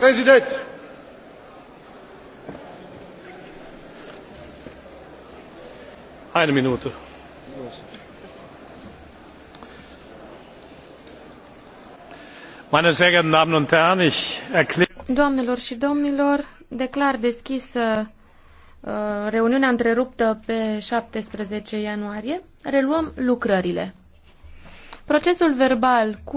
President. Eine Minute. Meine sehr geehrten Damen und Herren, ich erkläre. Doamnelor și domnilor, declar deschisă uh, reuniunea întreruptă pe 17 ianuarie. Reluăm lucrările. Procesul verbal cu